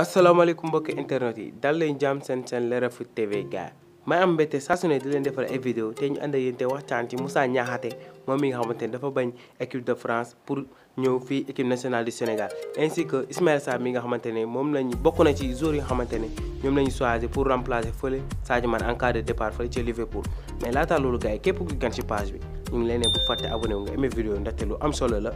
asalaamaaleykum mbokki internet yi dal leen jàmm seen seen Leral Foot TV gars may am mbette saa su ne di leen defal ay vidéo te ñu ànd ak yéen te waxtaan ci Moussa Niakhaté moom mi nga xamante ne dafa bañ équipe de France pour ñëw fii équipe nationale du Sénégal ainsi que Ismaël Sarr nga xamante ne moom lañu bokk na ci joueurs yi nga xamante ne ñoom lañu choisir pour remplacer fële Sadio Mané en cas de départ fële ci Liverpool mais laata loolu gars yi képp ku gan ci page bi ñu ngi leen ne bu fàtte abonné wu nga aimé vidéo ndaxte lu am solo la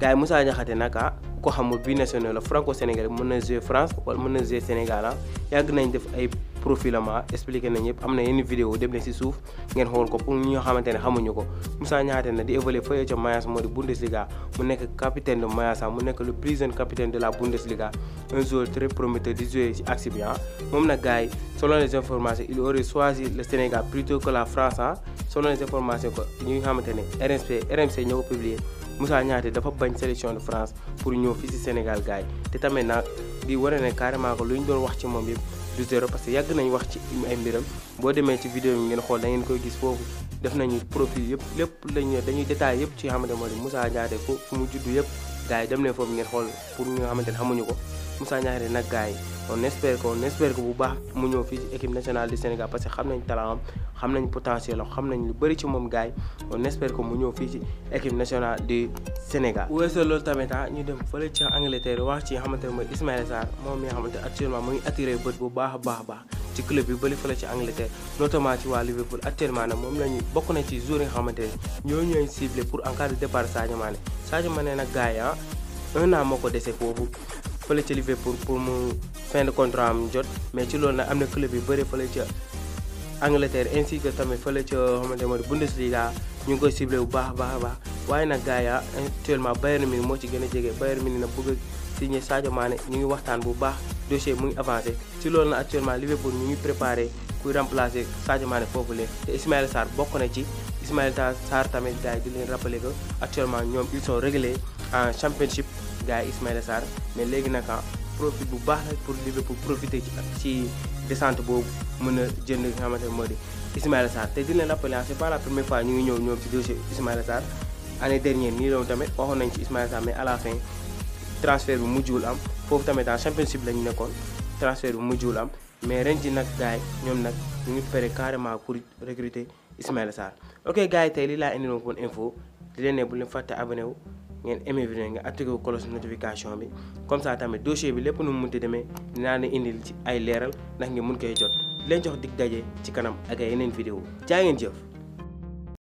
gaay yi Moussa Diakhaté nag ah, ko xamul bi national la franco sénégalais mën na jouer France wala mën na jouer Sénégal ah yàgg nañ def ay profilement ah, expliquer nañ yëpp am na yenn vidéo dem na si suuf ngeen xool ko pour ñi nga xamante ne xamuñu ko Moussa Diakhaté na di évoluer fële ca Mayence moo di Bundesliga mu nekk capitaine de Mayence ah, mu nekk le plus capitaine de la Bundesliga un joueur très prometteur di jouer ci axe bi ah moom nag gars selon les informations il aurait choisi le Sénégal plutôt que la France ah selon les informations que ñi nga xamante ne RMC RMC ñoo ko publié Moussa Niaté dafa bañ sélection de France pour ñëw fii si Sénégal gars yi te tamit nag bii wane ne carrément que lu ñu doon wax ci moom yëpp du zéro parce que yàgg nañ wax ci ay mbiram boo demee ci vidéo yi ngeen xool da ngeen koy gis foofu def nañu profil yëpp lépp lañu dañuy détaillé yëpp ci xamante moo di Moussa Niaté fu mu juddu yëpp gars dem ne foofu ngeen xool pour ñu nga xamante ne xamuñu ko Moussa Niakhaté nag gars yi on espère que on espère que bu baax mu ñëw fii ci équipe nationale du Sénégal parce que xam nañ talent am xam nañ potentiel am xam nañ lu bëri ci moom gars on espère que mu ñëw fii ci équipe nationale du Sénégal. bu weesoo loolu tamit ah, ñu dem fële ci Angleterre wax ci nga mooy Ismaïla Sarr moom mi nga xamante actuellement mu ngi attiré bët bu baax a baax a baax. ci club yu bëri fële ci Angleterre notamment ci waa Liverpool actuellement fële ca Liverpool pour mu fin de contrat am jot mais ci lool na am na club yu bëri fële ca Angleterre ainsi que tamit fa ca xamante moo di Bundesliga ñu ngi koy ciblé bu baax a baax baax waaye nag gars ya ah, actuellement Bayern Munich moo ci gën a jege Bayern Munich nag bëgg a signé Sadio maane ñu ngi waxtaan bu baax dossier mu ngi avancé ci loolu nag actuellement Liverpool ñu ngi préparé kuy remplacer Sadio Mané foofu lee te Ismaïla Sarr bokk na ci Ismaïla Sarr tamit gars yi di leen rappelé que actuellement ñoom ils sont réglés en championship gars yi Ismaïla Sarr mais légui naka profit bu baax la pour Liverpool profiter ci ci descente boobu meuna jënd nga xamante modi moo Ismaïla Sarr té dina leen rappeler c'est pas la première fois ñu ngi ñëw ñom ci dossier Ismaïla Sarr année dernière ni loolu tamit waxon nañ ci Ismaïla Sarr mais à la fin transfert bu mujjul am fofu tamit dans championship la ñu transfert bu mujjul am mais ren nak nag ñom nak ñu ngi pare carrément pour recruter Ismaïla Sarr ok gars yi li la indi non woon info di leen ne bu leen fàtte abonné wu ngeen aimé vidéo nga activé cloche notification bi comme ça tamit dossier bi lépp nu mu munti demee dinaa ne indil ci ay leeral ndax ngeen mun koy jot leen jox dig daje ci kanam ak ay yeneen vidéo jaa ngeen jëf